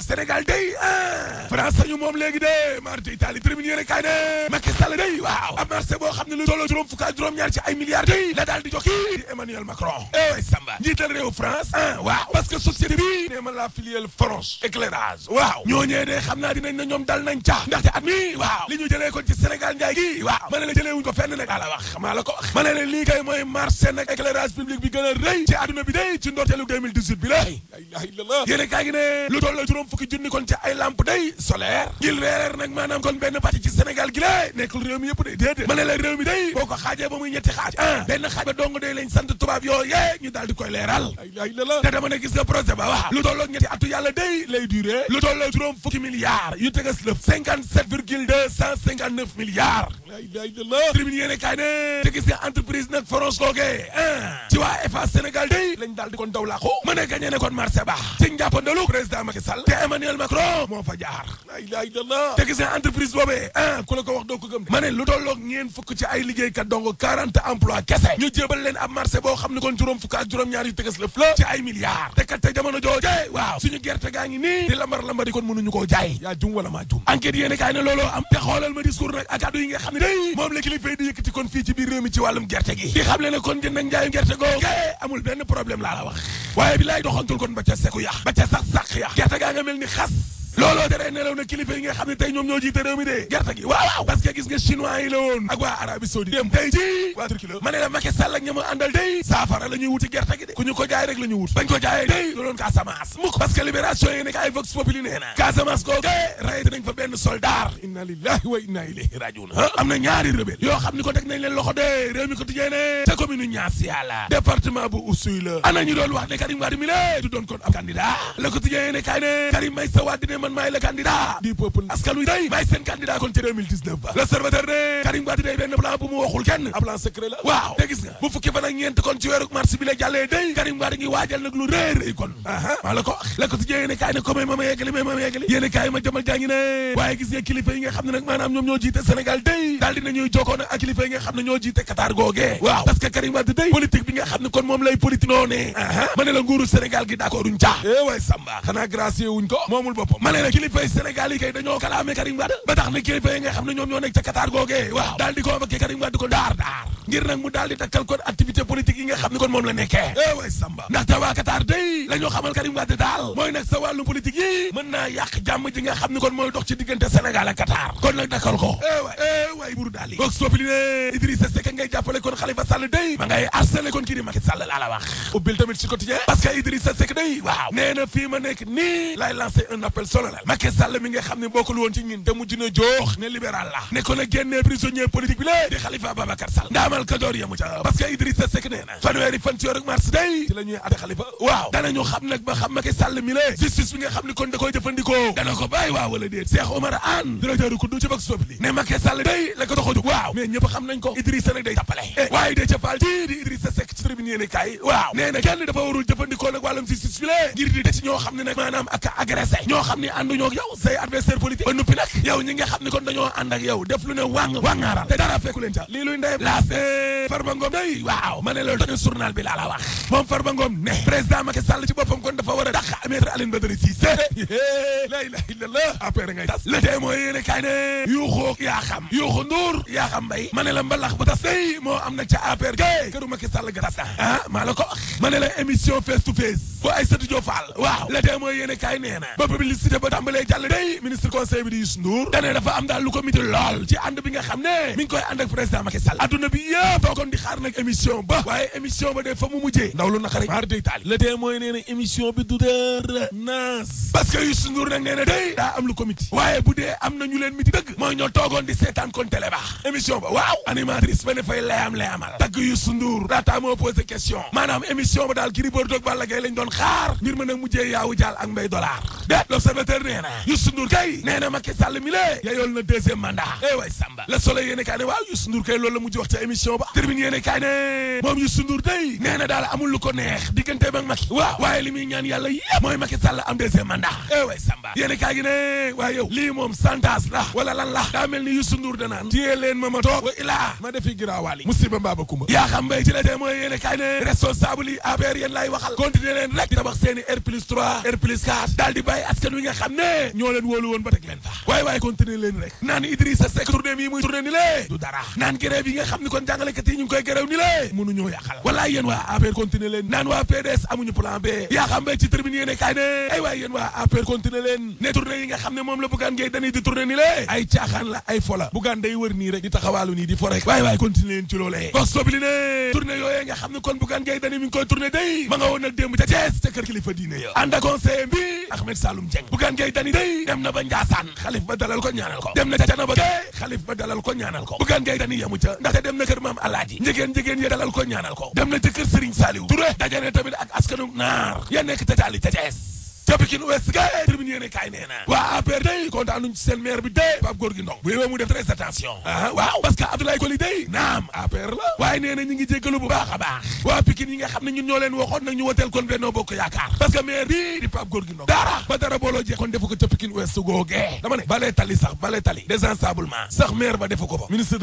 Sénégal day ah! France ñu moom léegi de marti Italie tribune yéene kaay ne Macky Sall Sall day ab marché boo ne lu tolloo juróom fukk ak juróom-ñaar ci ay milliards day la daal di Emmanuel Macron eh Samba njiital réew France ah waaw parce société bi nee ma la filiale France éclairage waaw ñooñee de xam naa dinañ ñoom dal nañ ca ndaxte at mi li ñu jëlee ko ci Sénégal njaay gi waaw ma ne la jëlee wuñ marché nag éclairage public bi gën a rëy ci adduna bi day ci ndorteelu 2018 bi la ilaha kaa ngi ne lu tolloo juróom fukki junni kon ci ay lampe miracle réew mi yëpp de déedéet ma ne la réew mi day boo ko xaajee ba muy ñetti xaaj ah benn xaaj ba dong day lañ sant tubaab yoo yee ñu daal di koy leeral ay laaj la la te dama ne gis nga projet ba wax lu tolloog ñetti atu yàlla day lay duré lu tolloog juróom fukki milliards yu tegas lëf cinquante sept milliards ay la la tribune yéene kaay ne te gis nga entreprise nag France googee ah ci waa EFA Sénégal day lañ daal di kon daw laaxu mën a gagné ne kon marché ba ci njàppandalu président Macky Sall te Emmanuel Macron moo fa jaar ay laaj la la te gis nga entreprise boobee ah ku la ko wax doo ko gëm yoon ma ne lu tolloog ñeen fukk ci ay liggéeykat donc quarante emploi kese ñu jébal leen ab marché boo xam ne kon juróom fukk ak juróom ñaar yu tëgas lëf la ci ay milliards te kat te jamono jooje waaw suñu gerte gaa ngi nii di lambar lambari kon mënuñu koo jaay yaa jum wala maa jum enquête yéene kaay ne looloo am te xoolal ma discours nag a addu yi nga xam ne day moom la kilifa gerte gi di xam le ne kon jënd ak njaayum gerte googu amul benn problème laa la wax waaye bi laay nga mel looloo tere nelaw na kilifa yi nga xam ne tey ñoom ñoo jiite réew de gerte waaw waaw gis nga chinois yi la woon ak waa arabie dem tey ji waa la ma ne la Macky Sall ak ñama la ñuy wuti gerte gi de jaay rek la ñuy bañ ko jaayee day looloon Casamance mukk parce que libération kay vox populi nee Casamance koo de rey nañ fa benn soldat inna lillahi wa inna ilayhi rajiun ah. am na ñaari rebelle yoo xam ni ko teg nañ man maa la ko la ko tijjee yéene kaay ne ko may ma ma yeggali may ma ma yeggali yéene waaye gis nga kilifa yi nga ne nag maanaam ñoom ñoo jiite Sénégal day daal dina ñuy jokkoo nag ak yi nga ne ñoo jiite Qatar googee waaw parce que Karim Wade day bi nga ne kon moom lay politique noo ne la nguuru Sénégal gi d'accord uñ caa eh waay Samba xanaa gracier wuñ ko moomul boppam ne na kilifay Sénégal yi kay dañoo kalaame Karim Wade ba tax na kilifa yi nga xam ne ñoom ñoo nekk ca Qatar googee daal di convoqué Karim Wade ko daar daar ngir nag mu daal di takkal kon activité politique yi nga xam ne kon moom la nekkee eh way samba ndaxte waa Qatar day la xamal Karim Wade daal mooy nag sa wàllu politique yi mën naa yàq jàmm ji nga xam ni kon mooy dox ci diggante Sénégal ak Qatar kon nag dakkal ko eh way eh way buru daal yi boog soppi ne Idrissa Seck ngay jàppale kon Khalifa Sall day ma ngay harcelé kon kii di Macky Sall laa la wax ubbil tamit ci nga xam ne bokkul woon ci ñin te ko na génnee prisonnier politique bi demal Kajoor yamu ca parce que Idrissa Seck nee na fanweeri fan ci yoru mars day ci la ñuy àtte Xalifa waaw danañu xam nag ba xam Macky Sall mi la justice bi nga xam ni ko bàyyi a eh, ñoo xam ne def lu ne wàng wàngaaral te dara fekku leen ca lii luy ndey Hey! waaw ma ne loolu tax journal bi laa la wax moom Farba Ngom ne président Macky Sall ci boppam kon dafa war a dàq maître Alioune Badara Cissé la ilaha illallah affaire ngay tas le tey mooy yéene kaay ne yuuxoo yaa xam yuuxu nduur yaa xam mbay ma ne la mbalax bu tas day moo am nag ca APR gay këru Macky Sall ga tas na ah maa face to face bu Aïssatou Diop Fall waaw le tey mooy yéene kaay nee na ba publicité ba tàmbalee ministre conseil bi di dane dafa am daal lu ko miti lool ci ànd bi xam ne mi ngi nekkoon di xaar nag émission ba waaye émission ba de fa mu mujjee ndaw lu naqari waar day taali le tee mooy nee na émission bi du dër naas parce que Youssou Ndour nag nee na am lu ko miti waaye bu dee am na ñu leen miti dëgg mooy ñoo toogoon di seetaan kon télé baax émission ba waaw animatrice ba ne fay layaam layaamal tagg Youssou Ndour laataa moo posé question maanaam émission ba daal Gris Bordeaux ak Balla Gaye lañ doon xaar mbir ma nag mujjee yaawu jaal ak mbay dollar de l'observateur nee na Youssou Ndour kay nee na Macky Sall mi lée yayool na deuxième mandat eh way Samba la mujj wax ca ndax ewe samba waaye lii moom santas la wala lan la daa ni Youssou Ndour danaan téye leen ma ma toog wa ilaa ma defi giraawaali musiba mbaaba kumba yaa xam mbay ci la tee mooy yéen kaa ne responsable yi lay waxal continuer leen rek tabax seeni R plus 3 R plus 4 daal di bàyyi askan wi nga xam ne ñoo leen wóolu woon ba teg leen faa waaye waaye continuer leen rek naan Idrissa Seck tournée mi muy tournée ni lée du dara naan grève yi nga APR continuer len ne tournée yi nga xam mom la Bougane Gueye Dany di tournée ni lée ay tiaxan la ay fola Bougane day wër ni rek di taxawalu ni di fo way way continuer len ci loolee bos sobli ne tournée yooyee nga xam kon Bougane Gueye Dany mi ngi koy tournée day ma nga woon nag démb ca Thiès kër kilifa diine ya and ak conseil bi Ahmed Saloum Dieng Bougane Gueye Dany day dem na ba Ndiassane khalif ba dalal ko ñaanal ko dem na tanaba Canaba khalif ba dalal ko ñaanal ko Bougane Gueye Dany yamu ca ndaxte dem na kër mam aladi njigéen njigéen ya dalal ko ñaanal ko dem na ci kër Serigne saliw Touré dajane tamit ak askanu nar ya nek ca Thiali ca Pikine Ouest ga tribune yéene kaay waa APR day kontaanuñ ci seen bi dee Pape Gorgui Ndong bu mu def très attention ah waaw parce que Abdoulaye Coly day naam APR la waaye nee ñi ngi jéggalu bu baax a baax waa Pikine yi nga xam ne ñun ñoo leen waxoon ñu woteel kon Benno Bokk Yaakaar parce que maire bi di Pape Gorgui Ndong ba dara booloo jee kon defu ko ca Pikine Ouest googee dama tali sax balee tali désensablement sax maire ba defu ba ministre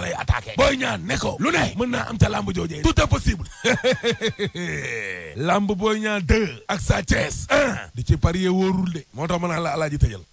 ma lay attaqué booy ñaan ne ko lu ne mën naa am ca lamb joojee tout est possible lamb booy ñaan deux ak sa Thiès un di ci parier wóorul de moo tax ma naan la alaaji tëjal